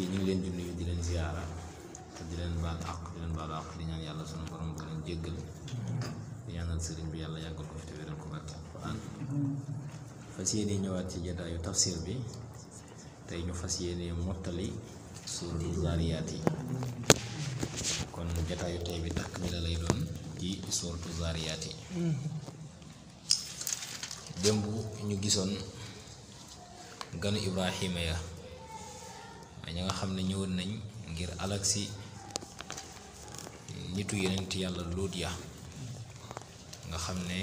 ki ñu ngi leen di nuyu di leen ziara te di leen baal ak di leen baal ak di ñaan yalla suñu borom bu leen jéggal di ñaanal sëriñ bi yalla yàggal ko fi te wéral ko barke alquran fas yéene ñëwaat ci yu tafsir bi tey ñu fas yéene mottali suratul zariyaat yi kon jataayu tey bi takk mi la lay doon ci suratu zariyaat dembu ñu gisoon gan ibrahima ya ña nga xam ne ñëwoon nañ ngir alag si nitu yonent yàlla lóot ya nga xam ne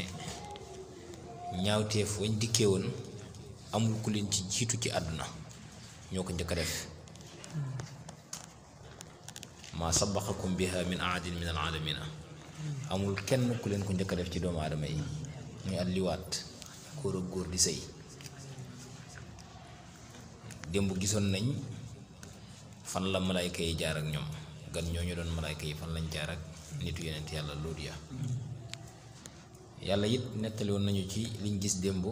ñaawteef wañ dikkee woon amul ku leen ci jiitu ci àdduna ñoo ko njëkk a def maa sabaqakum biha min ahadin min al alamina amul kenn ku leen ko njëkk a def ci doomu aadama yi muy at liwaat góor ak góor di sëy démb gisoon nañ fan la malaika yi jaar ak ñom gan ñu doon malaika yi fan lañ jaar ak nitu yenente yalla luut ya yàlla it nettali woon nañu ci liñ gis démb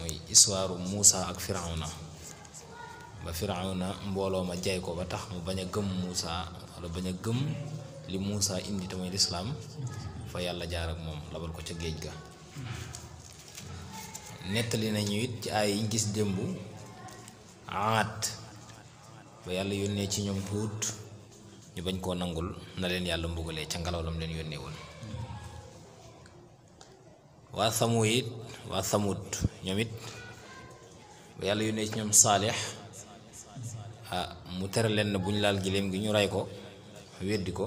moy histoire musa ak fir'auna ba fir'auna mbolo ma jay ko ba tax mu baña a gëm Moussa wala baña a gëm li musa indi tamay l'islam fa yalla jaar ak mom labal ko ci géej ga nañu it ci ay gis démb aat ba yàlla yónnee ci ñoom huut ñu bañ koo nangul na leen yàlla mbugalee ca ngelaw lam leen yónnee woon waa samu it waa samut ba yàlla yónnee ci ñoom saalix ah mu tere leen ne bu laal giléem gi ñu rey ko weddi ko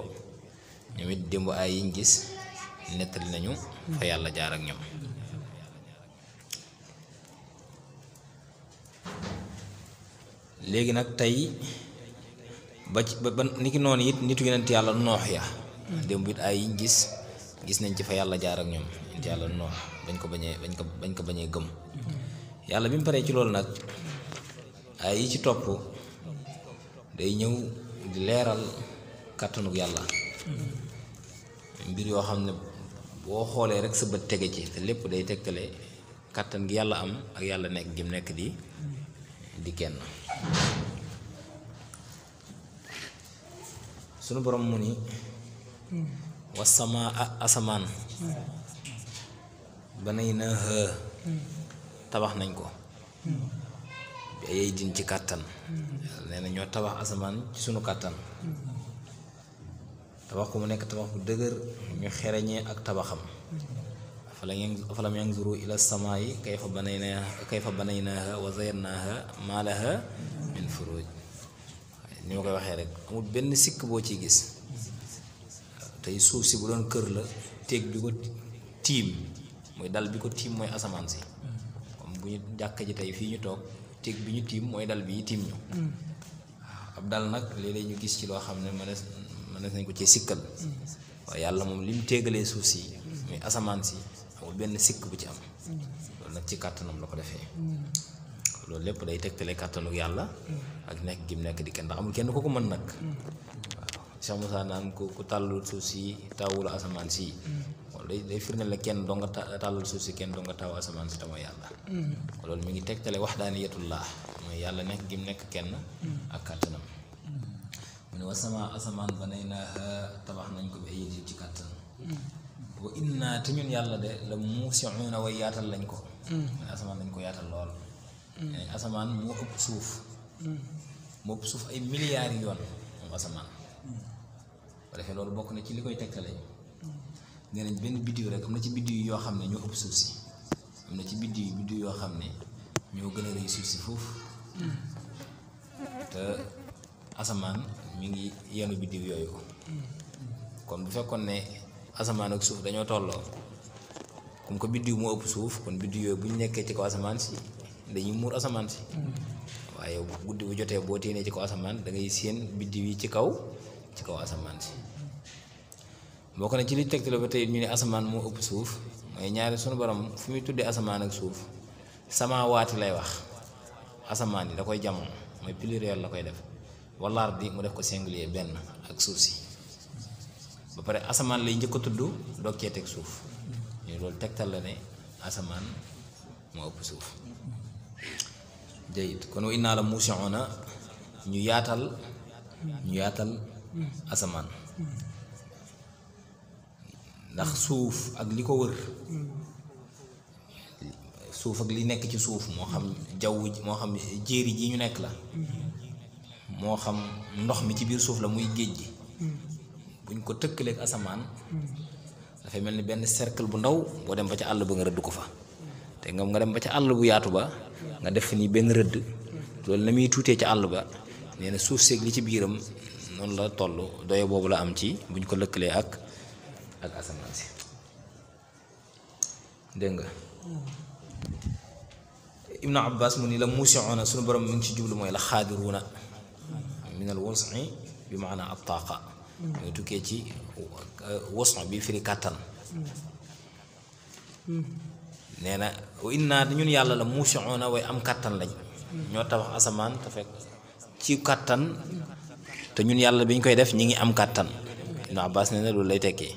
ñoom it démb ay yiñ gis nettali nañu fa yàlla jaar ak ñoom legi nak tay ba niki non yit nitu yonent yalla nooh ya mm. dem bit ay gis gis nañ ci fa yalla jaar ak ñom yalla nooh dañ ko bañe bañ ko bañ ko bañe gëm mm. yalla bimu paré ci lool nak ay ci top day ñew di leeral kàttanug yalla mm. mbir yo xamne bo xolé rek sa ba tege ci te lépp day tegtale katan gi yalla am ak yalla nek gi nek di di kenn sunu borom mu ni wasamaa asamaan banay na tabax nañ ko bi din ci kàttan nee na ñoo tabax asamaan ci sunu kàttan tabax ko mu nekk tabax bu dëgër ñu xereñee ak tabaxam فلم ينظروا إلى السماء كيف بنيناها كيف بنيناها وزيناها ما لها من فروج نيو كاي واخي رك امول بن سيك بو تي غيس تاي سوف سي بودون كير لا تيك بيكو تيم موي دال بيكو تيم موي اسمان سي كوم بو ني جاكا جي تاي في ني توك تيك بي ني تيم موي دال بي تيم ني اب دال نك لي لي ني غيس سي لو خامني مانس مانس نكو تي سيكل wa yalla mom lim teggale souci mais asaman si benn sikk bu ci am loolu nag ci kàttanam la ko defee loolu lépp day tegtale kàttanu yàlla ak nekk gi nekk di kenn ndax amul kenn ku ko mën nag waaw Cheikh Moussa naan ku ku tàllul suuf si taawul asamaan si loolu day day firnde kenn doo nga tàllul suuf si kenn doo nga taawu asamaan si tamoo yàlla loolu mi ngi tegtale laa mooy yàlla nekk gi nekk kenn ak kàttanam mu ne wasamaa asamaan banay naa tabax nañ ko bi ay yëg ci kàttan wa inna te ñun yàlla de la muusiuuna way yaatal lañ ko mm. asamaan lañ ko yaatal lool mm. eh, asamaan moo ëpp suuf mm. moo ëpp suuf ay milliards yi yoon moom asamaan ba defee loolu bokk na ci li koy tekkale nee nañ benn biddiw rek ci biddiw yoo xam ne ñoo ëpp suuf si am na ci biddiw yi yoo xam ne ñoo gën a rëy suuf si foofu te asamaan mu ngi yenu biddiw yooyu kon bu fekkoon ne asamaan ak suuf dañoo tolloo comme que biddiw moo ëpp suuf kon biddiw yooyu bu ñu nekkee ci kaw asamaan si dañuy muur asamaan si waaye guddi bu jotee boo téenee ci kaw asamaan da ngay séen biddiw yi ci kaw ci kaw asamaan si ko na ci li tegtale ba tey ñu ne asamaan moo ëpp suuf mooy ñaari sunu borom fu muy tuddee asamaan ak suuf sama samaawaati lay wax asamaan yi da koy jamono mooy pluriel la koy def walaar di mu def ko singulier benn ak suuf si ba pare asamaan lay njëkk a tudd doog teg suuf ñu loolu tegtal la ne asamaan moo ëpp suuf jayit kon wa innaa la muusiuna ñu yaatal ñu yaatal asamaan ndax suuf ak li ko wër suuf ak li nekk ci suuf moo xam jaww moo xam jéeri ji ñu nekk la moo xam ndox mi ci biir suuf la muy géej gi buñ ko tëkkaleeg asamaan dafay mel ni benn cercle bu ndaw boo dem ba ca àll ba nga rëdd ko fa te nga nga dem ba ca àll bu yaatu ba nga def nii benn rëdd loolu na muy tuutee ca àll ba nee na suuf seeg li ci biiram noonu la toll doye boobu la am ci buñ ko lëkkalee ak ak asamaan si dégg nga ibnu abbas mu ni la muusioona sunu borom mi ngi ci jublu mooy la xaadiruuna min al wasi bi maana attaaqa tukkee ci euh, wason bi firi kàttan nee na inna ñun yàlla la muusiuna way am kàttan lañ ñoo tabax asamaan te fekk ci kàttan te ñun yàlla bi ñu koy def ñi ngi am kàttan Ibnu Abbas nee na loolu lay tekkee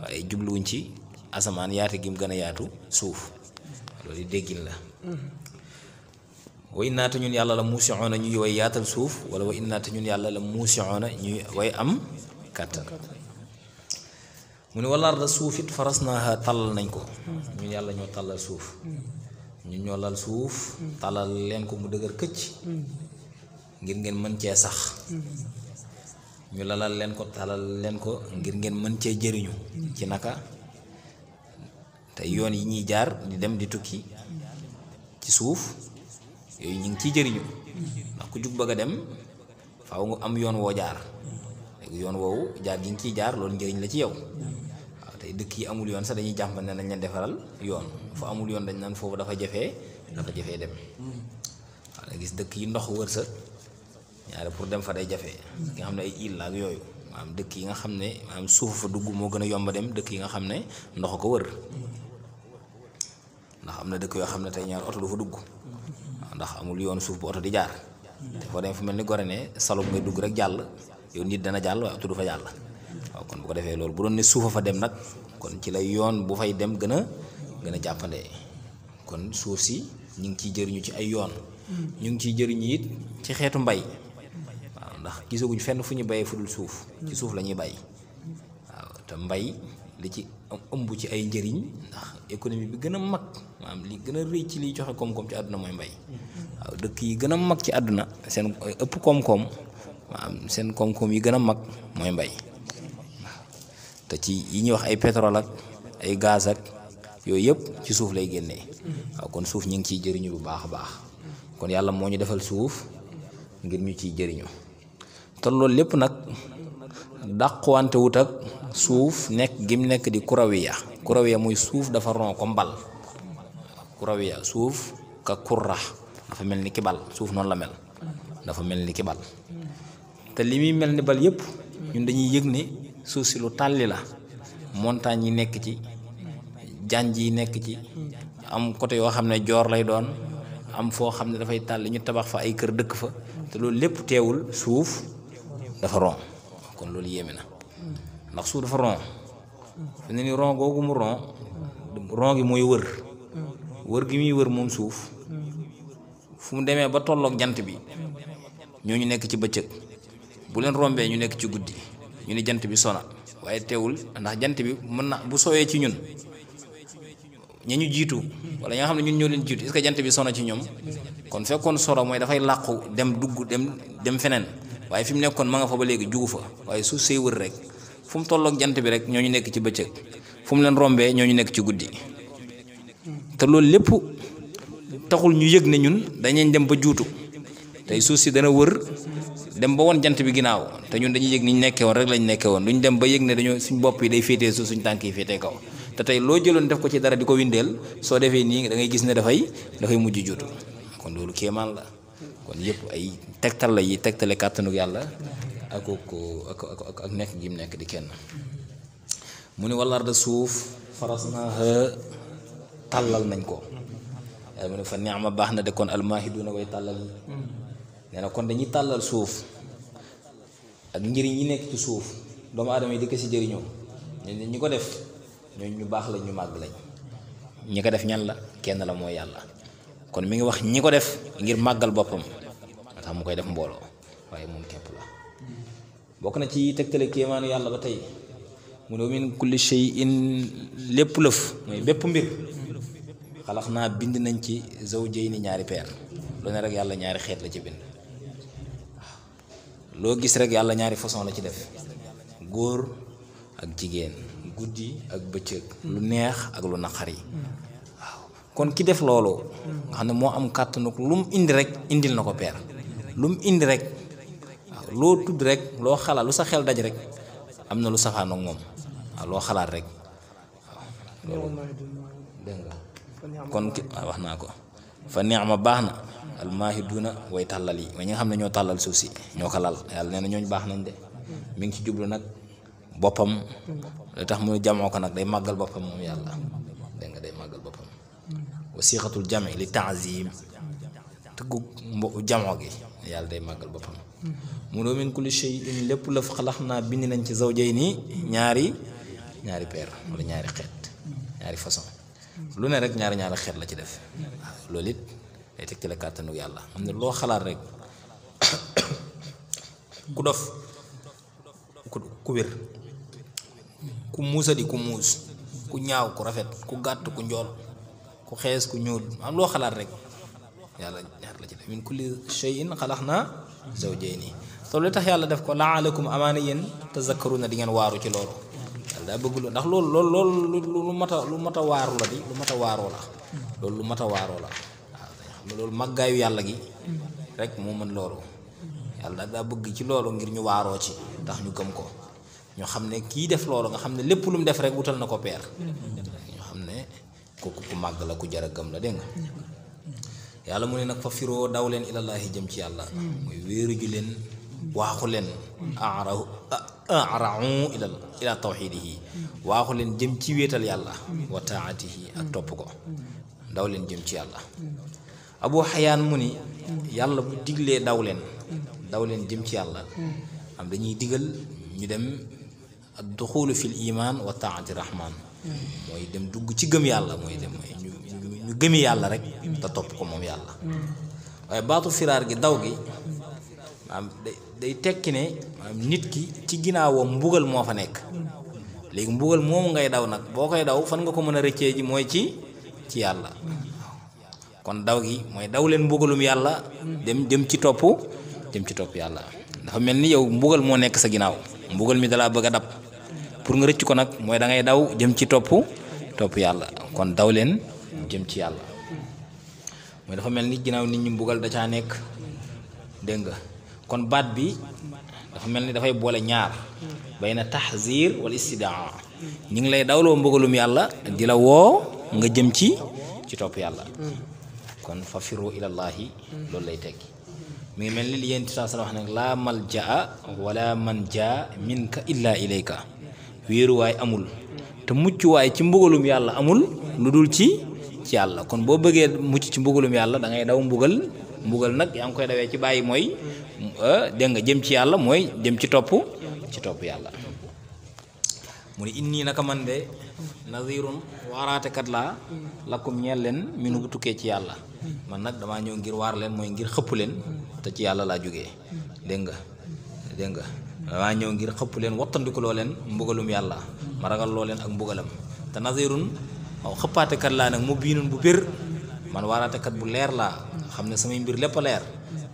waaye jubluwuñ ci asamaan yaatu gi mu gën a yaatu suuf loolu déggin la wa innaata ñun yàlla la muusioona ñuy way yaatal suuf wala wa innaata ñun yàlla la muusioona ñuy way am gàttal mu ne walaar da suuf it faras nañ ko ñu yalla ñoo talal suuf ñu ñoo lal suuf talal leen ko mu deugar kecc ngir ngeen mën ci sax ñu lalal leen ko talal leen ko ngir ngeen mën ci jeriñu ci naka tay yoon yi ñi jaar di dem di tukki ci suuf yoy ñu ci jeriñu ndax ku juk bëgg dem faaw nga am yoon wo jaar léegi yoon woowu jaar gi nga ciy jaar loolu njëriñ la ci yow waaw tey dëkk yi amul yoon sax dañuy jàmb ne nañ leen defaral yoon fa amul yoon dañ naan foofu dafa jafe dafa dem gis dëkk yi ndox wër sa pour dem fa day jafe nga xam ne ay île la ak yooyu maanaam dëkk yi nga xam ne maanaam suuf dugg moo gën a yomba dem dëkk yi nga xam ne ndox ko wër ndax am na dëkk yoo xam ne tey ñaar dugg ndax amul yoon suuf bu oto di jaar te foo dem fu mel ni Gorée ne salop ngay dugg rek jàll yow nit dana jàll waaye oto fa jàll waaw kon bu ko defee loolu bu doon ne suufa fa dem nag kon ci la yoon bu fay dem gën a gën a jàppande kon suuf si ñu ngi ciy jëriñu ci ay yoon mm-hmm. ñu ngi ciy jëriñu it ci xeetu mbay ndax gisaguñ fenn fu ñu bayee fu dul suuf ci suuf la ñuy bay waaw te mbay li ci ëmb ci ay njëriñ ndax économie bi gën a mag am li gën a rëy ci liy joxe koom-koom ci àdduna mooy mbay mm-hmm. waaw dëkk yi gën mag ci àdduna seen ëpp koom-koom maanaam seen koom-koom yi gën a mag mooy mbay te ci yi ñuy wax ay pétrole ak ay gaz ak yooyu yëpp ci suuf lay génnee waaw kon suuf ñu ngi ciy jëriñu bu baax a baax kon yàlla moo ñu defal suuf ngir ñu ciy jëriñu te loolu lépp nag dàquwante wut ak suuf nekk gim nekk di kurawiya kurawiya muy suuf dafa ron ko mbal kurawiya suuf ka kurra dafa mel ni kibal suuf noonu la mel dafa mel ni ki bal te li muy mel ni bal yëpp ñun dañuy yëg ne suuf si lu tàlli la montagne yi nekk ci jànj yi nekk ci am côté yoo xam ne joor lay doon am foo xam ne dafay tàlli ñu tabax fa ay kër dëkk fa te loolu lépp teewul suuf dafa ron kon loolu yéeme na ndax suuf dafa ron fi ne ni ron googu mu ron ron mooy wër wër gi muy wër moom suuf fu mu demee ba tolloog jant bi ñooñu nekk ci bëccëg bu leen rombee ñu nekk ci guddi ñu ni jant bi sona waaye teewul ndax jant bi mën na bu soowee ci ñun ña ñu jiitu wala ñoo xam ne ñun ñoo leen jiitu est jant bi sona ci ñoom kon fekkoon soro mooy dafay làqu dem dugg dem dem feneen waaye fi mu nekkoon ma nga fa ba léegi jugu fa waaye suuf see wër rek fu mu tolloog jant bi rek ñoo ñu nekk ci bëccëg fu mu leen rombee ñoo ñu nekk ci guddi te loolu lépp taxul ñu yëg ne ñun dañeen dem ba juutu tay suuf si dana wër dem ba won jant bi ginaaw te ñun dañuy yëg ni ñu nekkee rek lañ nekkee woon duñ dem ba yëg ne dañu suñ bop yi day fété suuf suñ tanki fété kaw te tay lo jëlon def ko ci dara diko windel so soo ni da ngay gis ne da fay mujj juutu kon lolu kéemaan la kon yépp ay tektal la yi tektalé kàttanu yalla ak ak ak ak nekk gi nekk di kenn Muni ne wala arda suuf farasna ha talal nañ ko mu fa neex ma de kon al mahiduna way talal nee na kon dañuy tàllal suuf ak njëriñ yi nekk ci suuf doomu aadama yi di ci si jëriñoo ñu ñi ko def ñooñu ñu baax lañ ñu màgg lañ ñi ko def ñan la kenn la mooy yàlla kon mi ngi wax ñi ko def ngir màggal boppam nga tax mu koy def mbooloo waaye moom kepp la bokk na ci tegtale kéemaanu yàlla ba tey mu ne min kulli shay'in lépp lëf mooy bépp mbir xalax naa bind nañ ci zawjayni ñaari peer lu ne rek yàlla ñaari xeet la ci bind lo gis rek yalla ñaari façon la ci def goor ak jigen guddi ak beccëk lu neex ak lu kon ki def lolo nga mo am kàttanuk lum indi rek indil nako ko lum lu indi rek lo tud rek lo xala lu sa xel daj rek am lu safaan ak moom waaw rek kon ki wax ko fa ni'ma almaahiduuna way tàllal yi mooy ñi nga xam ne ñoo tàllal suuf si ñoo ko lal yàlla nee na ñooñu baax nañ de mi ngi ci jublu nag boppam li tax mu jamoo ko nag day màggal boppam moom yàlla dégg nga day màggal boppam wasiqatul jame li taazim tëggu jamoo gi yàlla day màggal boppam mu doo min kulli lépp la xalax naa bind nañ ci zawjay nii ñaari ñaari peer walla ñaari xeet ñaari façon lu ne rek ñaari ñaari xeet la ci def waaw it day tegtale kàttanu yàlla am na loo xalaat rek ku dof ku wér ku muusadi ku muus ku ñaaw ku rafet ku gàtt ku njool ku xees ku ñuul am loo xalaat rek yàlla ñaar la ci def min kulli shay'in xalaqnaa zawjayni te lu tax yàlla def ko laalakum amaana yéen na di ngeen waaru ci loolu yàlla daa bëgg ndax loolu loolu lu mat a lu mat a waaru la di lu mat a waaroo la loolu lu mat a waaroo la lolou màggaayu yalla gi rek momen man ya yalla da bëgg ci lolou ngir ñu waaroo ci tax ñu gëm ko ñu xamne ne def lolou nga xamne ne lu mu def rek wutal nako peer ñu xamne ne kooku ku màgg la ku jara gëm la dégg yalla mu ne nak fa firo dawlen ila allah jëm ci yalla muy wëru ju len waxu len a'ra'u ila ila waxu len jëm ci wéetal yalla wa taatihi ak top ko dawlen jëm ci yalla abu xayaan mu ni yàlla bu diglee daw leen daw leen jëm ci yàlla am dañuy digal ñu dem ak duxulu fil iman wa taati rahman mooy dem dugg ci gëm yàlla mooy dem mooy ñu gëmi yàlla rek te topp ko moom yàlla waaye baatu firaar gi daw gi day tekki ne nit ki ci ginnaawam mbugal moo fa nekk léegi mbugal moomu ngay daw nag boo koy daw fan nga ko mën a rëccee ji mooy ci ci yàlla kon daw gi mooy daw leen mbugalum yàlla dem jëm ci topp jëm ci topp yàlla dafa mel ni yow mbugal moo nekk sa ginnaaw mbugal mi dalaa bëgg a dab pour nga rëcc ko nag mooy da ngay daw jëm ci topp topp yàlla kon daw leen jëm ci yàlla mooy dafa mel ni ginnaaw nit ñi mbugal da caa nekk dégg nga kon baat bi dafa mel ni dafay boole ñaar bay na tahzir wala istidaa ñu ngi lay dawloo mbugalum yàlla di la woo nga jëm ci ci topp yàlla kon fa firu ilallahi loolu lay tekki mi ngi mel ni li yéen saa wax nag laa mal maljaa wala manjaa minka illaa ilayka wéeruwaay amul te muccuwaay ci mbugalum yàlla amul lu dul ci ci yàlla kon boo bëggee mucc ci mbugalum yàlla dangay daw mbugal mbugal nag yaa ngi koy dawee ci bàyyi mooy eh, dégg nga jëm ci yàlla mooy jëm ci topp ci topp yàlla mu ne inni naka man de nazirun waaraatekat laa lakkum ñeel leen minu bu tukkee ci yàlla man nag damaa ñëw ngir waar leen mooy ngir xëpp leen te ci yàlla laa jóge dégg nga dégg nga damaa ñëw ngir xëpp leen wattandikuloo leen mbugalum yàlla ma ragal loo leen ak mbugalam te nazirun waaw xëppaatekat laa nag mu biinun bu bir man waaraatekat bu leer laa xam ne samay mbir lépp leer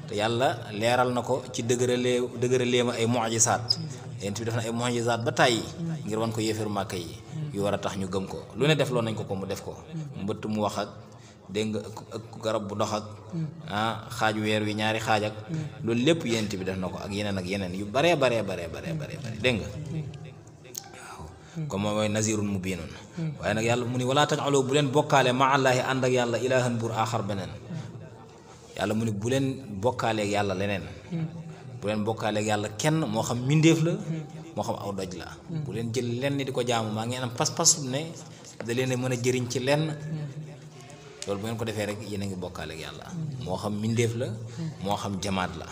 te yàlla leeral na ko ci dëgëralee dëgëralee ma ay mujisaat yent bi def na ay mujisaat ba tàyyi ngir wan ko yéeféeru màkka yi yu war a tax ñu gëm ko lu ne def loon nañ ko ko mu def ko mbëtt mu wax ak dégg nga garab bu dox ak mm. ah, xaaj weer wi ñaari xaaj ak mm. loolu lépp yenent bi def na ko ak yeneen ak yeneen yu baree baree baree mm. baree baree bare dégg nga waaw comme mooy mu mubinun waaye nag yàlla mu ni walaa tajalo bu leen bokkaalee ma allaahi ànd ak yàlla ilaahan buur aaxar beneen yàlla mu ni bu leen bokkaaleeg yàlla leneen bu leen bokkaaleeg yàlla kenn moo xam mbindéef mo xam aw doj la bu len jël len di ko jaamu ma ngi am pass pass ne da len a meuna a ci len lol bu ngeen ko defé rek yene ngi bokal ak yalla mo xam mindeef la mo xam jamaat la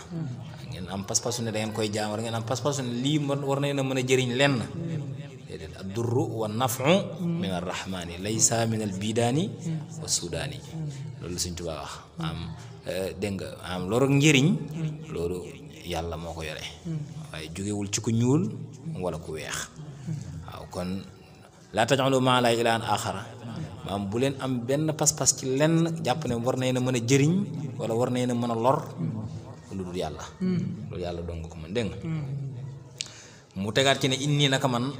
ngeen am pass pass ne da ngeen koy jaam war ngeen am pass pass ne lii war na meuna mën len dedet ad durru wa nafu min ar rahmani laysa min al bidani wa sudani loolu seigne touba wax ah, am eh, denga am loolu njëriñ lolou yalla ya moko yore waaye jógewul ci ku ñuul wala ku weex waaw kon la tajalu ma la ilaha axara maam bu leen am benn pas-pas ci lenn jàpp ne war nañ na jëriñ wala war nañ na lor lu dul yàlla lu yàlla dong ko man dégg mu tegaat ci ne inni naka man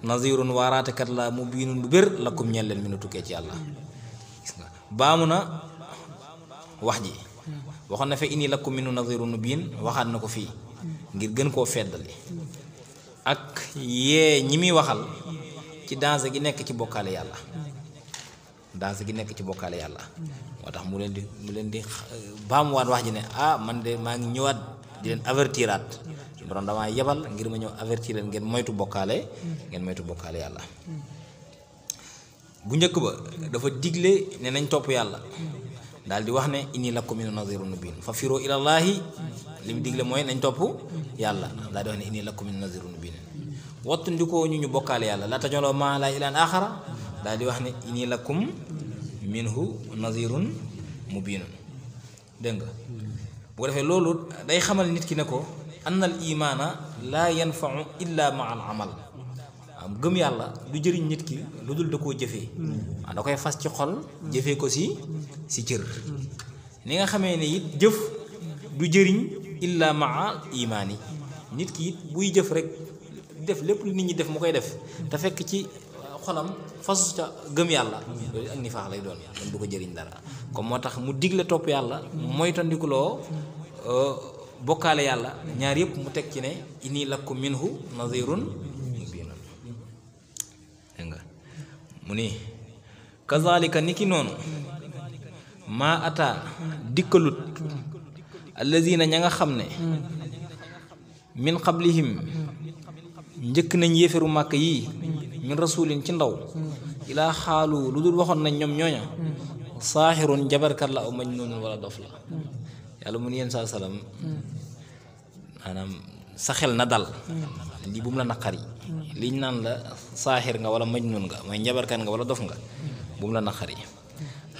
nazirun waaraatekat la mu biinun bu bér lakum ñeel leen minu tukkee ci yàlla gis baamu wax ji waxoon na fa inni lakum minu nazirun biin waxaat na ko ngir gën koo feddali ak yee ñi muy waxal ci danse gi nekk ci bokkaale yàlla danger gi nekk ci bokkaale yàlla moo tax mu leen di mu leen di eh, baamuwaat wax ji ne ah man de maa ngi ñëwaat di leen avertiraat borom damaa yebal ngir ma ñëw avertir ngeen moytu bokkaale ngeen moytu bokkaale yàlla bu njëkk ba dafa digle ne nañ topp yàlla dal di wax ne inni lakum min nadhirun nabin fa firu ila allah lim digle moy nagn topu yàlla da di wax ne inni lakum min nadhirun nabin wat ndiko ñu ñu bokal yàlla la tajalo ma la ilaan akhara dal di wax ne inni lakum minhu nadhirun mubin dégg bu ko defee loolu day xamal nit ki ne ko anna al iman la yanfau illa ma al amal xam gëm yàlla du jëriñ nit ki lu dul da koo jëfee waaw da koy fas ci xol jëfee ko si si cër ni nga xamee ne it jëf du jëriñ illa maa imaan yi nit ki it buy jëf rek def lépp lu nit ñi def mu koy def te fekk ci xolam fasu ca gëm yàlla loolu ak nifaax lay doon yàlla du ko jëriñ dara comme moo tax mu digle topp yàlla moytandikuloo euh, bokkaale yàlla ñaar yëpp mu teg ci ne inni lakum minhu nazirun mu ni kazalika ni ki noonu maa ataa dikkalut allazina ña nga xam ne min qablihim njëkk nañ yéeferu màkk yi min rasulin ci ndaw ilaa xaalu lu dul waxoon nañ ñoom ñooña saaxirun jabarkat la aw majnun wala dof la yàlla mu ni yéen saa salaam maanaam sa xel na dal lii bu mu la naqar yi liñ naan la saaxir nga wala majnun nga mooy njabarkat nga wala dof nga bu mu la naqar yi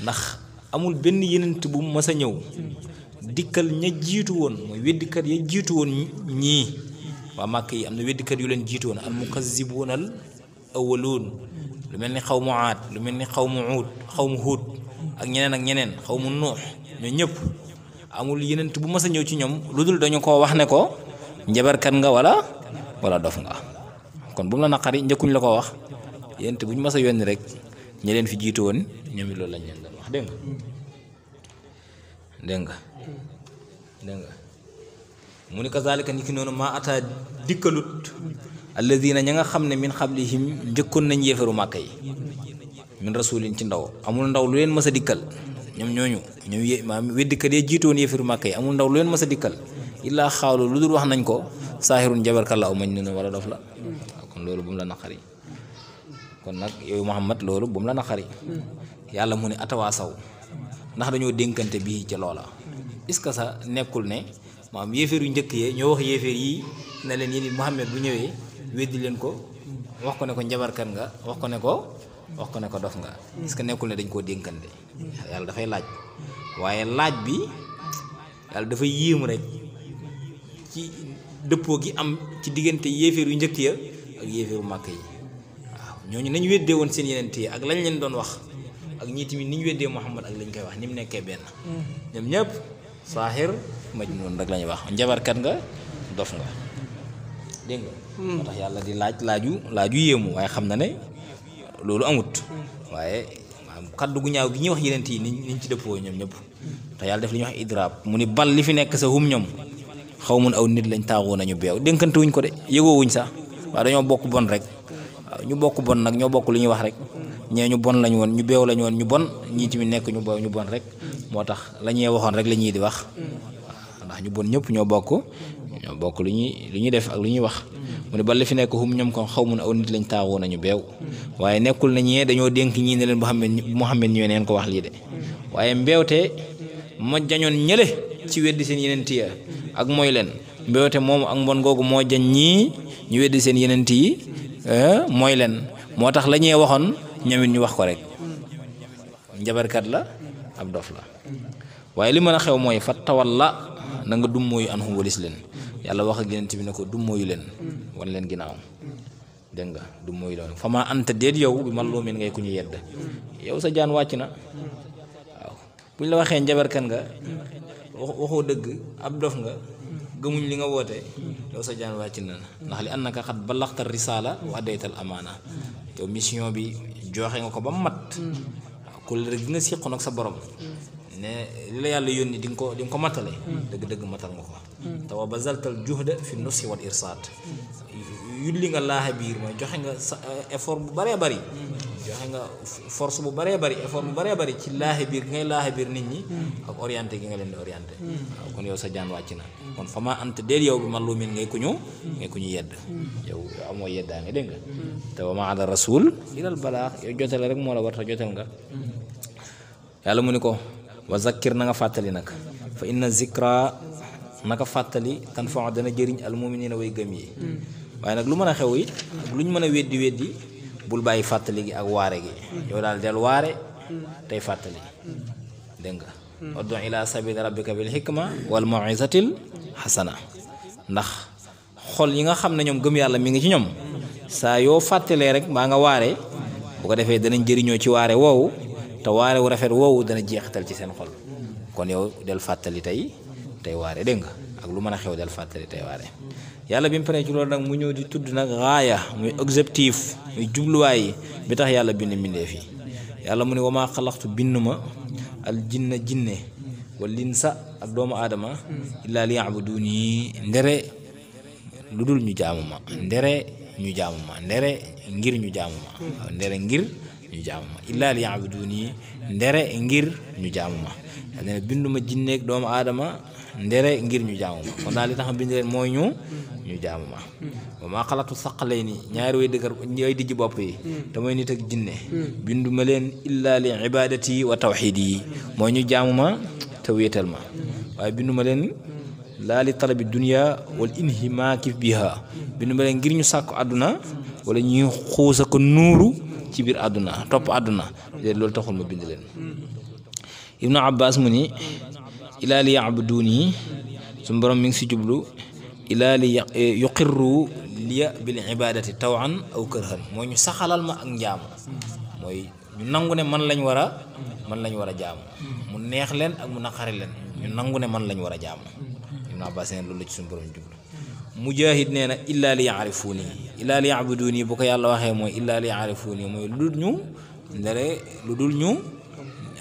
ndax amul benn yenent bu mas a ñëw dikkal ña jiitu woon mooy weddikat ya jiitu woon ñii waa màkk yi am na weddikat yu leen jiitu woon al mukazibuun al awwaluun lu mel ni xaw mu aad lu mel ni xaw mu uud xaw mu huut ak ñeneen ak ñeneen xaw mu nuux ñoo ñëpp amul yenent bu mas a ci ñoom lu dul dañu ko wax ne ko njabarkat nga walla wala dof nga kon bu mu la naqari njëkkuñ la ko wax yéen bu ñu mas a yónni rek ñu leen fi jiitu woon ñoom it loolu lañ leen wax dégg nga dégg nga dégg nga mu ni kazalika ni ki noonu maa ña nga xam ne min xablihim njëkkoon nañ yéefaru màkk yi min rasulin ci ndaw amul ndaw lu leen mës a dikkal ñoom ñooñu ñoom yé maam weddikat yee jiitoon yéefaru màkk yi amul ndaw lu leen mës a dikkal illa khawlu ludur wax nañ ko sahirun jabar la aw majnun wala dof la kon lolu bum la nakari kon nak yooyu Muhammad lolu bum la nakari yalla mu ne atawasaw ndax dañu denkante bi ci lola est-ce ne maam yefer yu njëkk ye ñoo wax yefer yi ne len Muhammad bu ñewé weddi len ko wax ko ne ko kan nga wax ko ne ko wax ko ne ko dof nga est-ce ne dañ denkante yalla da fay laaj waye laaj bi da fay yéem rek ci depo gi am ci digënté yéeféer yu ya ak yéeféeru màkk yi waaw ñooñu nañ weddee woon seen yénenté ak lañ leen doon wax ak ñi timi ni ñu Muhammad ak lañ koy wax nim nekké ben benn mm. ñëpp sahir majnun rek lañ wax kat nga dof nga dégg mm. motax yalla di laaj laaju laaju yému way xamna né lolu amut mm. waaye kaddu gu ñaaw gi ñi wax yeneen yi niñ ci depo ñoom ñëpp ta yalla def li ñu wax idrab mu ni bal li fi nekk sa hum ñom xaw mun aw nit lañ taaxoo nañu beew dénkante wuñ ko de yëgoo wuñ sax waaw dañoo bokk bon rek waaw ñu bokk bon nag ñoo bokk lu ñuy wax rek ñee ñu bon lañ woon ñu beew lañ woon ñu bon ñii tamit nekk ñu beew ñu bon rek moo tax la ñuy waxoon rek la ñuy di wax ndax ñu bon ñëpp ñoo bokk ñoo bokk lu ñuy lu ñuy def ak lu ñuy wax mu ne ba li fi nekk xum ñoom kon xaw mun aw nit lañ taaxoo nañu beew waaye nekkul na ñee dañoo denk ñii ne leen Muhammad Muhammad ñëwee neen ko wax lii de waaye mbeewte ma jañoon ñële ci weddi seen yeneen ya ak mooy leen mbéwte mom ak mbon googu moo jañ ñii ñu weddi seen yeneen yi eh, mooy leen moo tax la ñee waxoon ñamit ñu wax ko rek njabarkat la ab dof la waaye li mën a xew mooy fa na nga dum an walis leen wax ak bi dum dum anta yow bi ngay ku yedd yow sa jaan bu ñu la waxee njabarkan nga waxoo dëgg ab dof nga gëmuñ li nga woote yow sa jaan wàcc na ndax li annaka xat balaxta risaala wa addaytal amaana yow mission bi joxe nga ko ba mat kóllëre gi nga séqoon ak sa borom ne li la yàlla yónni di nga ko di ko matale dëgg-dëgg matal nga ko te wa bazaltal juhda fi nusi wal irsaat yulli nga laaxa biir mooy joxe nga eh, effort bu bare bari joxe nga force bu bare bëri effort bu bare bëri ci laaxa biir ngay laaxa biir nit ñi ak orienté gi nga leen di orienté waaw kon yow sa jaan wàcc na kon fa ma ant déel yow bi man min ngay ku ngay ku yedd yow amoo dégg nga te wa ada rasul ilal balaax yow jotale rek moo la warta ta jotal nga yàlla mu ni ko wa zakkir na nga fàttali nag fa inna zikra naka fàttali tan fa dana jëriñ al muminina way gëm yi waaye nag lu mën a xew lu luñ mën a weddi weddi bul bàyyi fàttali gi ak waare gi yow daal del waare tey fàttali dégg nga uddu ila sabili rabbika bil hikma wal maw'izatil xasana ndax xol yi nga xam ne ñoom gëm yàlla mi ngi ci ñoom saa yoo fàttalee rek maa nga waare bu defee danañ jëriñoo ci waare woowu te waare wu rafet woowu dana jeexital ci seen xol kon yow del fàttali tey tey waare dégg nga ak lu mën a xew del fàttali tey waare yàlla bi mu paree ci loolu nag mu ñëw di tudd nag raaya muy objectif muy jubluwaay bi tax yàlla bind mbindeef yi yàlla mu ne wamaa xalaxtu bind al jinna jinne wala linsa ak doomu aadama illaa li ndere lu ñu jaamu ndere ñu jaamu ndere ngir ñu jaamu ndere ngir ñu jaamu ma illaa li yabuduni ndere ngir ñu jaamu nee na binduma jinneeg doomu aadama ndere ngir ñu jaamu ma kon li tax ma bind leen mooy ñu ñu jaamu ma ba maa xalatu saqalay ni ñaari way dëgër way dijj bopp yi te mooy nit ak jinne binduma leen illaa li ibadati wa ñu jaamu ma te wéetal ma waaye binduma leen laa li talabi dunia wala inhimaaki binduma leen ngir ñu sàkk àdduna wala ñuy xuusa ko nuuru ci biir àdduna topp àdduna loolu taxul ma bind leen ibnu abbas muni ila li ya'buduni sun borom mi ngi jublu li ya-, eh, yuqirru liya bil ibadati tawan aw karhan moy ñu saxalal ma ak njaamu moy ñu nangune ne man lañ wara, man lañ wara a mu neex len ak mu len ñu nangune man lañ wara a ibnu abbas neen loolu ci sun borom jublu mujahid nee na illaa li ya'rifuni illa li ya'buduni bu ko yalla waxe moy illa li ya'rifuni moy lu ñu ndare lu ñu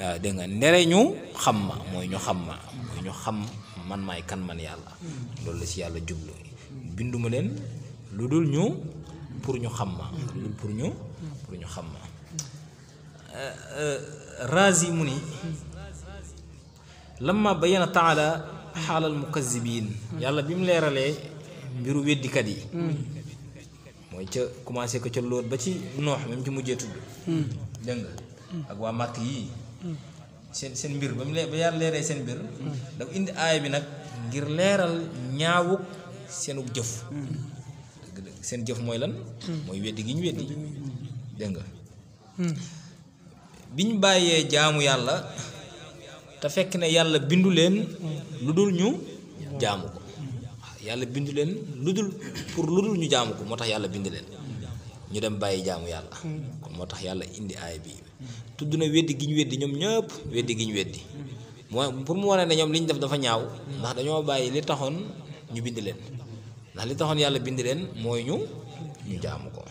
waaw euh, dégg nga ndere ñu xam ma mooy ñu xam ma mooy ñu xam man maay kan man yàlla loolu la si yàlla jublu binduma leen lu dul ñu pour ñu xam ma lu dul pour ñu pour ñu ma euh, euh, razi mu ni lamma bayana taala xaalal mukazibiin yàlla bi mu leeralee mbiru weddikat yi mooy ca commencé ko ca lóot ba ci noox même ci mujjee tudd hmm. dégg ak waa màkk yii seen seen mbir ba mu lee ba yàlla leeree seen mbir dafa indi aay bi nag ngir leeral ñaawuk seenu jëf seen jëf mooy lan mooy weddi gi ñu weddi dégg nga biñ bàyyee jaamu yàlla te fekk ne yàlla bindu leen lu dul ñu jaamu ko yàlla bindu leen lu dul pour lu dul ñu jaamu ko moo tax yàlla bindu dem bàyyi jaamu yàlla kon moo tax yàlla indi aaya bi tudd weddi gi ñu weddi ñoom ñëpp weddi gi ñu weddi mooy pour mu wane ne ñoom li ñu def dafa ñaaw ndax dañoo bàyyi li taxoon ñu bind leen ndax li taxoon yàlla bind leen mooy ñu ñu jaamu ko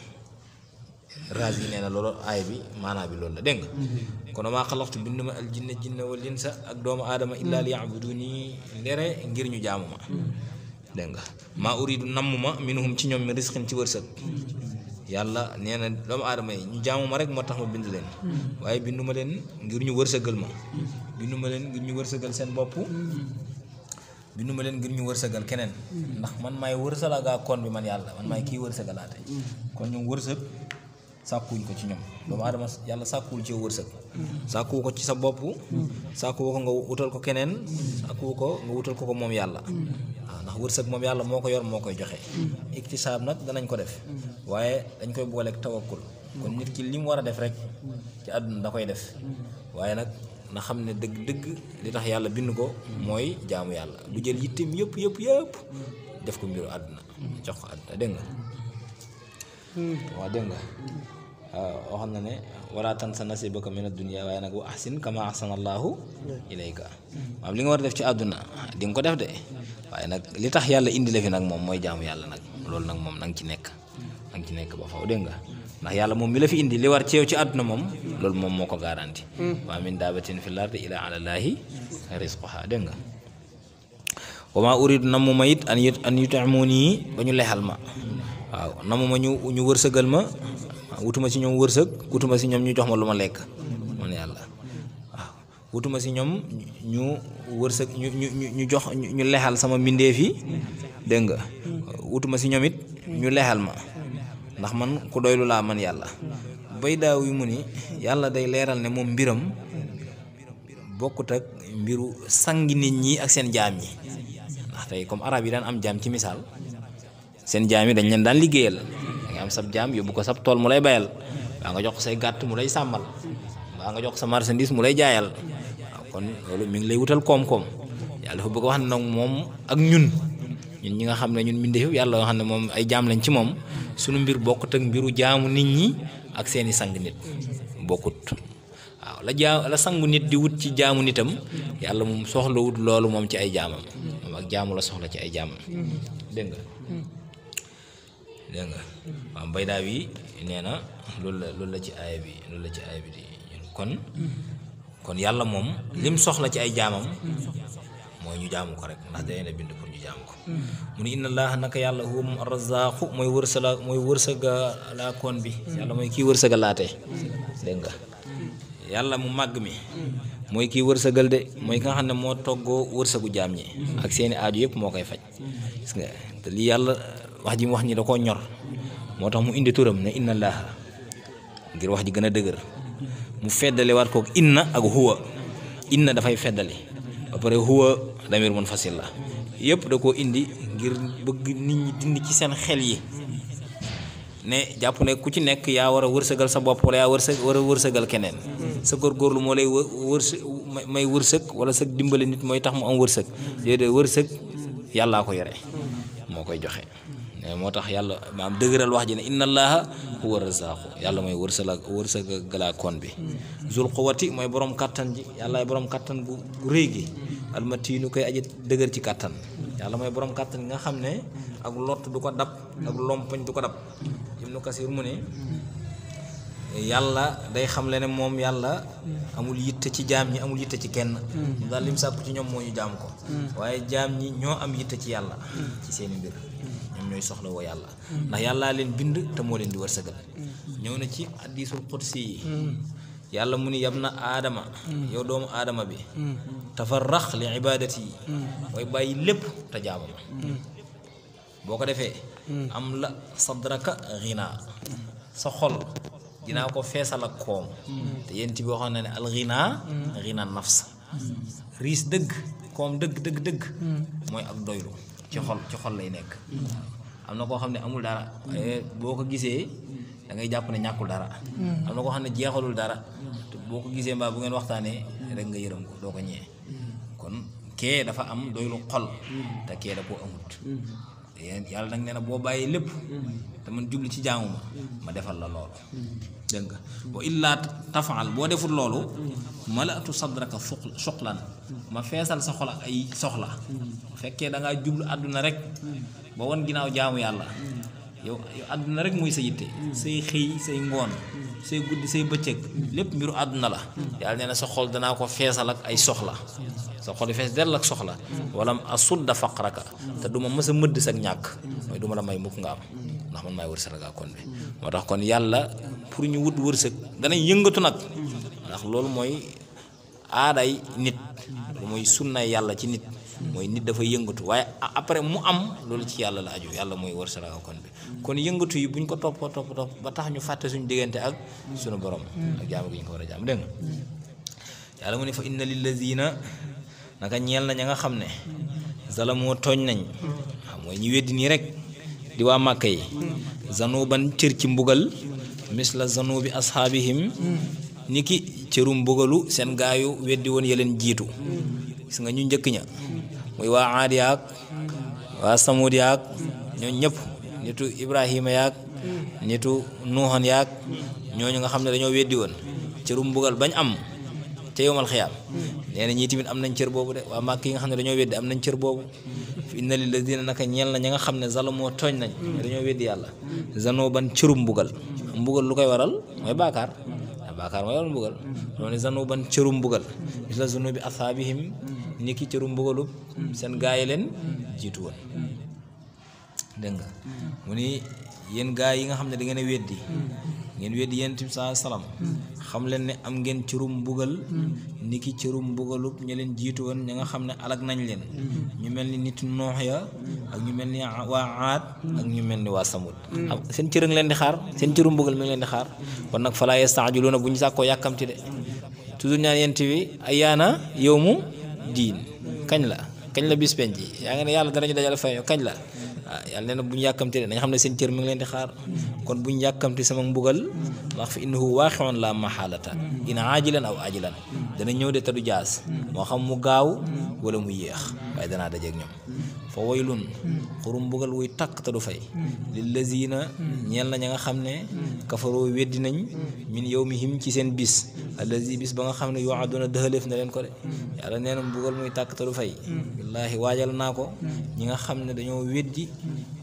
raas nee na loolu aay bi maanaa bi loolu la dégg nga mhm. kon maa xalaxtu bind ma al jinne jinne wal ak doomu aadama illaa mhm. li yabuduni ndere ngir ñu jaamu ma mhm. dégg nga maa uridu namm ma minhum ci ñoom mi risqin ci wërsëg yàlla nee na doomu aadama yi ñu jaamu ma rek moo tax ma bind leen hmm. waaye bindu ma leen ngir ñu wërsëgal ma hmm. bindu ma leen ngir ñu wërsëgal seen bopp hmm. bindu ma leen ngir ñu wërsëgal keneen ndax man may maay wërsalagaa koon bi man yàlla man maay kii wërsëgalaate kon ñoom wërsëg sàkkuwuñ ko ci ñoom doomu adama yalla sàkkuwul ci wërsëg sakku ko ci sa bop sakku ko nga wutal ko keneen sàkkuwu ko nga wutal ko ko mom yalla ah, ndax wërsëg moom yàlla moo ko yor moko joxe iktisab nak dañ ko def waye dañ koy ak tawakkul kon nit ki lim wara war def rek ci aduna da koy def waye nak na xamne deug deug li tax yalla bind ko moy jaamu yalla du jël yittim yep yep yep def ko mbiru aduna jox ko aduna deeng nga hmm. wa deeng nga waxoon na ne wala tan sa nasibaka min na dunya waaye nag wa ahsin kama ahsana Allahu ilayka maam li nga war def ci àdduna di nga ko def de waaye nag li tax yàlla indi la fi nag moom mooy jaamu yàlla nag loolu nag moom na nga ci nekk na nga ci nekk ba faw dégg nga ndax yàlla moom mi la fi indi li war ceew ci àdduna moom loolu moom moo ko garandi wa min daabatin fil ardi ila ala Allahi rizquha dégg nga wa ma uridu na mu ma it an yut'imuni ba ñu lexal ma waaw ma ñu ñu wërsegal ma wutuma ci ñom wërsëg wutuma ci ñom ñu jox ma luma lek lekk man yàlla waaw wutuma ci ñom ñu wërsëg ñu ñu ñu jox ñu lexal sama minde fi dégg nga wutuma ci ñoom it ñu lexal ma ndax man ku doylu la man yalla bay daaw yu mu ni yàlla day leral ne mom mbiram bokut ak mbiru sangi nit ñi ak seen jaam yi ndax tay comme arab yi daan am jaam ci misal sen jaam yi dañ leen daan liggéeyal nga am sab jam yóbbu ko sab tol mu lay bayal ba nga jox say gàtt mu lay samal ba nga jox sa marchandise mu lay jaayal kon lolu mi ngi lay wutal kom kom yalla dafa ko wax nak mom ak ñun ñun ñi nga xamne ñun minde yàlla yalla xam ne ay jam lañ ci mom suñu mbir bokkut ak mbiru jamu nit ñi ak seeni sang nit bokut la jaa la sangu nit di wut ci jaamu nitam yalla mom soxla wut lolu mom ci ay jaamam mom ak jaamu la soxla ci ay dégg nga waaw ini ana nee loolu la loolu la ci ay bi loolu la ci ay bi kon kon yalla mom lim soxla ci ay jaamam moy ñu jaamu ko rek ndax day na bind pour ñu jaamu ko mun inna allaha naka yalla hum moom arrazaqu mooy wërsala mooy wërsëga laa bi yalla moy ki wursaga laté dégg nga mu mag mi moy ki wursagal de moy ki nga xamne mo moo wursagu wërsëgu ak seeni aaju yep mo koy fajj gis nga te li yalla wax ji mu wax ni da koo ñor moo tax mu indi turam ne inna laaha ngir wax ji gën a dëgër mu feddale waat koog inna ak huwa inna dafay feddali ba pare huwa damir mun fasil la yëpp da koo indi ngir bëgg nit ñi dindi ci seen xel yi ne jàpp ne ku ci nekk yaa war a wërsëgal sa bopp wala yaa wërsëg war a wërsëgal keneen sa góor góorgóorlu moo lay wërsë may wërsëg wala sa dimbali nit mooy tax mu am wërsëg déedéet wërsëg yàllaa ko yore moo koy joxe Eh, moo tax yàlla maam dëgëral wax ji ne inna a huwa razaqu yàlla mooy wërsala sa kon bi zul quwati mooy borom kattan ji yàllaay borom kàttan gu rëy gi almatiinu koy aji dëgër ci kàttan yàlla mooy borom kàttan kattan nga xam ne ak lott du ko dab ak lompoñ du ko dab ibnu kasir mu ne yàlla day xam le ne moom yàlla amul yitte ci jaam ñi amul yitte ci kenn hmm. daal lim sàkku ci ñoom moo ñu jaam ko hmm. waaye jaam ñi ñoo am yitte ci yàlla ci seeni ñoom ñooy soxla woo yàlla ndax yàllaa leen bind te moo leen di wërsëgal ñëw na ci hadiisul qudsi yi yàlla mu ni yab na aadama yow doomu aadama bi tafarrax li ibaadati yi mooy bàyyi lépp te jaama boo ko defee am la sadraka ghina sa xol dinaa ko feesal ak koom te yéen ci boo xam ne ne al ghina nafs riis dëgg koom dëgg dëgg dëgg mooy ak doylu ci xol ci xol lay nekk mm. am na koo xam ne amul dara boo ko gisee dangay jàpp ne ñàkkul dara mm. am na koo xam ne jeexalul dara mm. boo ko gisee mbaa bu ngeen waxtaanee rek nga yërëm ko doo ko ñee kon kee dafa am doylu xol te kee da koo amut yàlla nag nee na boo bàyyee lépp mm-hmm. te man jubli ci jaamu ma mm-hmm. ma defal la loolu mm-hmm. dégg nga wa illaa tafaal boo deful loolu malatu sadraka suqlan ma feesal sa xol ay soxla fekkee da ngaa jublu àdduna rek ba won ginnaaw jaamu yàlla yow àdduna rek mooy sa yitte say xëy say ngoon say guddi say bëccëg lépp mbiru àdduna la yàlla nee na sa xol danaa ko feesal ak ay soxla sa xol fees dell ak soxla wala a sudda faqraka te du ma mës a mëdd sa ñàkk mooy du ma la may mukk nga am ndax man maay wërsëragaa kon bi moo tax kon yàlla pour ñu wut wërsëg danañ yëngatu nag ndax loolu mooy aaday nit mooy sunna yàlla ci nit mooy nit dafa yëngatu waaye après mu am loolu ci yàlla la aju yàlla mooy wërsëragaa kon yëngatu yi buñ ko topp topp topp ba tax ñu fàtte suñu diggante ak suñu borom ak jaamu gi ñu ko war a jaam dégg nga yàlla mu ne fa inna lillazina naka ñeel na ña nga xam ne zalamoo tooñ nañ mooy ñu weddi nii rek di waa màkk yi zanuban cër ci mbugal misla zanubi ashaabihim ni ki cëru mbugalu seen gaayu weddi woon yeleen jiitu gis nga ñu njëkk ña muy waa aadiyaak waa samudiyaak ñoo ñëpp nitu Ibrahima yaag nitu Nuuhan yaag ñooñu nga xam ne dañoo weddi woon cëru mbugal bañ am te yowmal xiyaam nee na ñii tamit am nañ cër boobu de waa màkk yi nga xam ne dañoo weddi am nañ cër boobu inna lillazina naka ñeel na nga xam ne zalamoo tooñ nañ dañoo weddi yàlla zanoo ban cëru mbugal mbugal lu koy waral mooy baakaar baakaar mooy ban cëru mbugal la zunubi asaabihim ni ki cëru mbugalub seen gaay leen jiitu woon dégg hmm. nga mu ni yéen gaa yi nga xamne da ngeen weddi hmm. ngeen weddi yen tim sa salam xam leen ne am ngeen ci rum bugal hmm. niki ci rum ña leen jitu won nga xamne alak alag nañ leen ñu melni nit ya ak ñu melni ni waa ak ñu melni wa samud samut seen cër ngi leen di xaar seen rum bugal mi ngi leen di xaar kon nak fala yastaajiluuna buñu sako yakamti de toujours ñaan yent ayana din la kañ la bis dajal fayo kañ la Ah, yàlla nee na bu ñu yàkkamti dañ xam ne seen cër mu ngi leen di xaar kon bu ñu yàkkamti sama mbugal wax fi innahu waaxiwoon la maxaalata in aajilan aw aajilan dana ñëw de te jaas moo xam mu gaaw wala mu yéex waaye danaa dajeeg ñoom fa waylun xurum mbugal wuy tàkk te du fay lillazina ñeel na ña nga xam ne kafaroo weddi nañ min yawmihim ci seen bis allazi bis ba nga xam ne yuaduna dëxaleef na leen ko de yàlla nee na mbugal muy tàkk te du fay billaahi waajal naa ko ñi nga xam ne dañoo weddi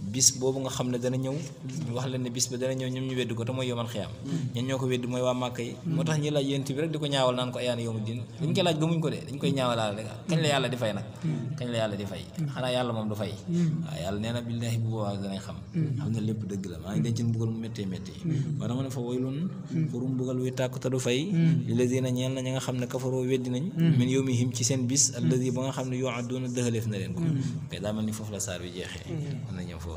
bis boobu nga xam ne dana ñëw ñu wax leen ne bis ba dana ñëw ñoom ñu weddi ko te mooy yomal xiyaam ñen ñoo ko weddi mooy waa màkk yi moo tax ñi laaj yonent bi rek di ko ñaawal naan ko ayaana yowmu din dañ koy laaj gëmuñ ko de dañ koy ñaawalaal rek kañ la yàlla di fay nag kañ la yàlla di fay xanaa yàlla ci seen bis allazi ba nga xam ne yu'aduna dëxaleef na leen ko kay mm. daa ni foofu la saar bi jeexee mën na ñëw foofu